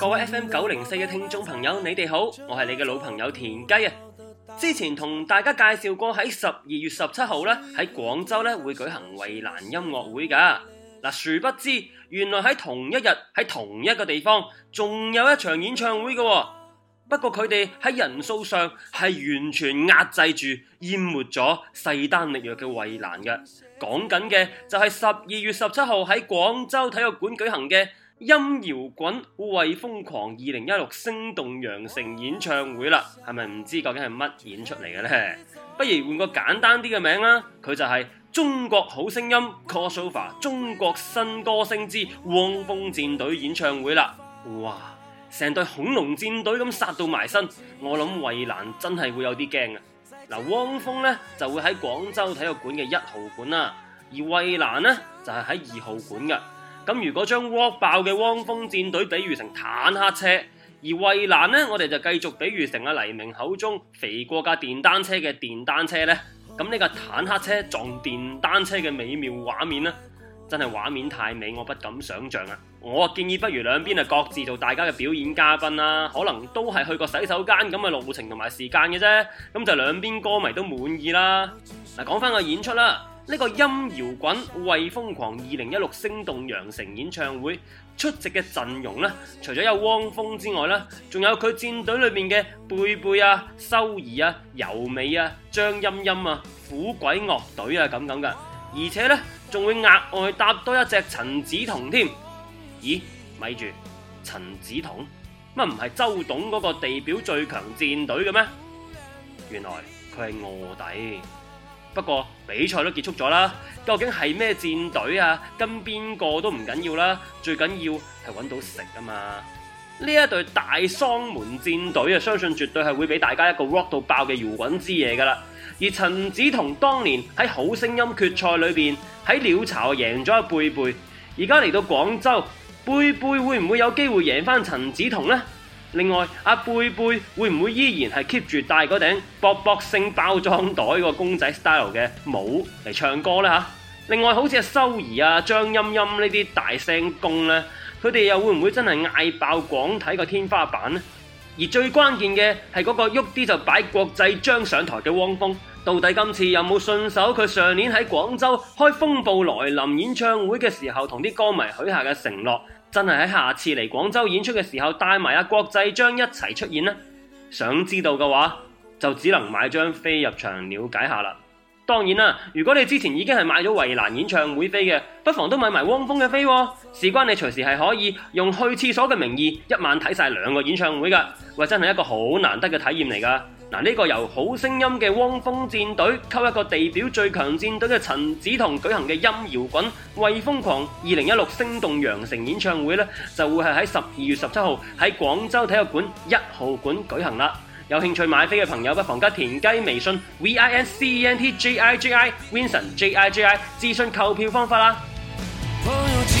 各位 FM 九零四嘅聽眾朋友，你哋好，我係你嘅老朋友田雞啊！之前同大家介紹過喺十二月十七號咧，喺廣州咧會舉行衛蘭音樂會噶。嗱、啊，殊不知原來喺同一日喺同一個地方仲有一場演唱會嘅、哦。不過佢哋喺人數上係完全壓制住淹沒咗勢單力弱嘅衛蘭嘅。講緊嘅就係十二月十七號喺廣州體育館舉行嘅。音搖滾為瘋狂二零一六聲動羊城演唱會啦，係咪唔知究竟係乜演出嚟嘅呢？不如換個簡單啲嘅名啦，佢就係中國好聲音 call sofa 中國新歌聲之汪峰戰隊演唱會啦！哇，成隊恐龍戰隊咁殺到埋身，我諗衛蘭真係會有啲驚嘅。嗱，汪峰呢就會喺廣州體育館嘅一號館啦，而衛蘭呢就係喺二號館嘅。咁如果將 work 爆嘅汪峰戰隊比喻成坦克車，而衛蘭呢，我哋就繼續比喻成阿、啊、黎明口中肥過架電單車嘅電單車呢。咁呢個坦克車撞電單車嘅美妙畫面咧，真係畫面太美，我不敢想象啊！我建議不如兩邊啊，各自做大家嘅表演嘉賓啦、啊，可能都係去個洗手間咁嘅路程同埋時間嘅啫。咁就兩邊歌迷都滿意啦。嗱，講翻個演出啦、啊。呢個音搖滾為瘋狂二零一六星動羊城演唱會出席嘅陣容咧，除咗有汪峰之外咧，仲有佢戰隊裏面嘅貝貝啊、修儀啊、尤美啊、張音音啊、苦鬼樂隊啊咁咁嘅，而且呢，仲會額外搭多一隻陳子彤添。咦，咪住，陳子彤乜唔係周董嗰個地表最強戰隊嘅咩？原來佢係臥底。不過比賽都結束咗啦，究竟係咩戰隊啊？跟邊個都唔緊要啦，最緊要係揾到食啊嘛！呢一隊大喪門戰隊啊，相信絕對係會俾大家一個 rock 到爆嘅搖滾之夜噶啦。而陳梓彤當年喺好聲音決賽裏邊喺鳥巢贏咗一貝貝，而家嚟到廣州，貝貝會唔會有機會贏翻陳梓彤呢？另外，阿、啊、貝貝會唔會依然係 keep 住戴嗰頂薄薄性包裝袋個公仔 style 嘅帽嚟唱歌呢？嚇！另外，好似阿修兒啊、張鑫鑫呢啲大聲公呢，佢哋又會唔會真係嗌爆廣體個天花板咧？而最關鍵嘅係嗰個喐啲就擺國際章上台嘅汪峰，到底今次有冇信守佢上年喺廣州開《風暴來臨》演唱會嘅時候同啲歌迷許下嘅承諾？真係喺下次嚟廣州演出嘅時候帶埋阿國際章一齊出演啦！想知道嘅話就只能買張飛入場了解下啦。當然啦，如果你之前已經係買咗衛蘭演唱會飛嘅，不妨都買埋汪峰嘅飛喎。事關你隨時係可以用去廁所嘅名義一晚睇晒兩個演唱會噶，話真係一個好難得嘅體驗嚟噶。嗱，呢個由好聲音嘅汪峰戰隊，溝一個地表最強戰隊嘅陳子桐舉行嘅音搖滾為瘋狂二零一六聲動羊城演唱會呢，就會係喺十二月十七號喺廣州體育館一號館舉行啦。有興趣買飛嘅朋友不妨加田雞微信 v i n c e n t g i g i vincent g i g i 諮詢購票方法啦。朋友請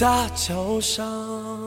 大橋上。